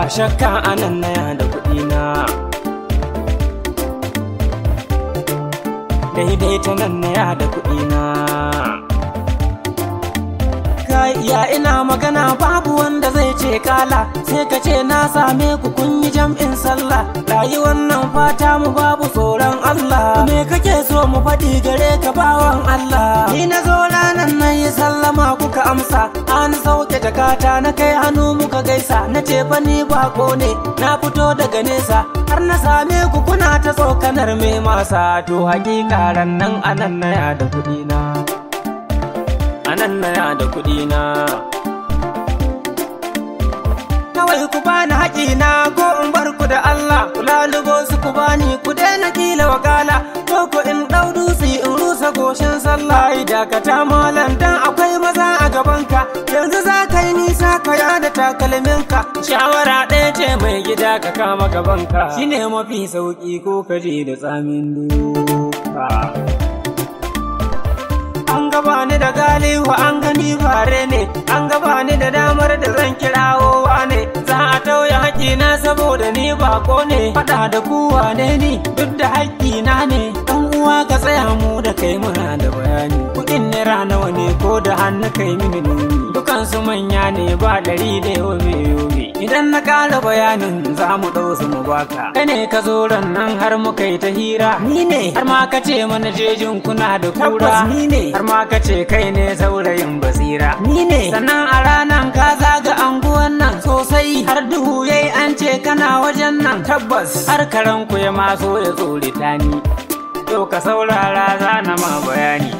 ba shakka anan na da kuɗi na daidai ta nan na da kuɗi na ya ina magana babu wanda zai ce kala sai ka ce na same ku kun yi jam'in sallah rayi wannan fata mu babu tsoron Allah me kake so mu faɗi gare ka bawan Allah ni na amsa an sauke jakata na kai hannu muka gaisa na ce fa ni bako ne na fito daga nesa har na same ku kuna ta tsokanar mai masa to hakika ran nan anan na ya da kuɗi na anan na ya da kuɗi na kawai ku bani haƙi na ko in bar ku da Allah ku lalubo su ku bani ku daina kila wakala ko ku in ɗau dutse in rusa goshin sallah dakata malam takalminka shawara ɗaya ce mai gida ka kama gabanka shine mafi sauki ko kaje da tsamin duka an gaba ni da galihu an gani fare ne an gaba ni da damar da zan kirawo ne za a tauye haƙƙina saboda ni bako ne faɗa da kuwa ne ni duk da haƙƙina ne ɗan uwa ka tsaya mu da kai mun da hannu kai mini nuni dukansu manya ne ba ɗari da yobe yobe idan na ƙara bayanin za mu ɗau su mu baka kai ne ka zo nan har mu kai ta hira ni ne har ma ka ce mana jejin kuna da kura ni ne har ma ka ce kai ne saurayin basira ni ne sannan a ranan ka zaga anguwan nan sosai har duhu yayi an ce kana wajen nan tabbas har karan ku ya maso ya tsorita ni yau ka saurara za na ma bayani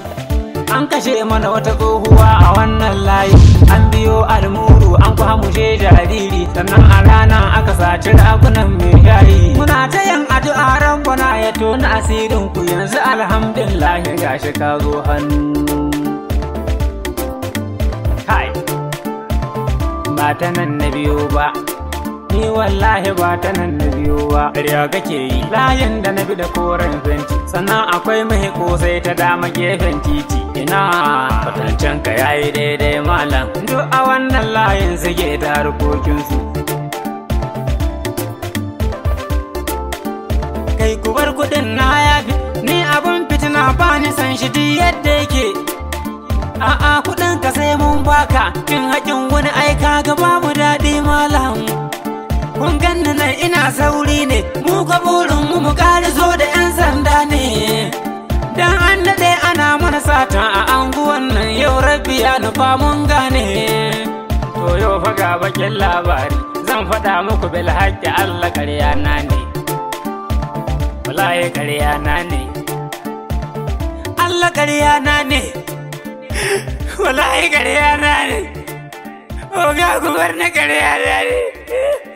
an kashe mana wata tsohuwa a wannan layi an biyo almuru an kwamushe jariri sannan a rana aka saci ragunan mai yayi muna ta yin addu'a bana ya tona asirin ku yanzu alhamdulillah gashi ka zo hannu ba ta nan na biyo ba ni wallahi ba ta nan na biyo ba ƙarya kake yi layin da na bi da koren zanci sannan akwai mai kosai ta dama gefen titi ina fatancen ka yayi daidai malam duk a wannan layin suke ta harkokinsu kai kubar kuɗin na ya fi. ni abun fitina ba ni san shi duk yadda yake A'a kuɗinka ka sai mun baka, kin hakin wani aika ga babu daɗi malam. kun ganna nan ina sauri ne mu ka burin mu mu zo da yan sanda ne dan an dade ana mana sata a anguwan nan yau rabbi ya nufa mun gane to yau fa ga bakin labari zan faɗa muku bil haƙƙi Allah ƙarya na ne wallahi ƙarya na ne Allah ƙarya na ne wallahi ƙarya na ne oga gubar na ƙarya na ne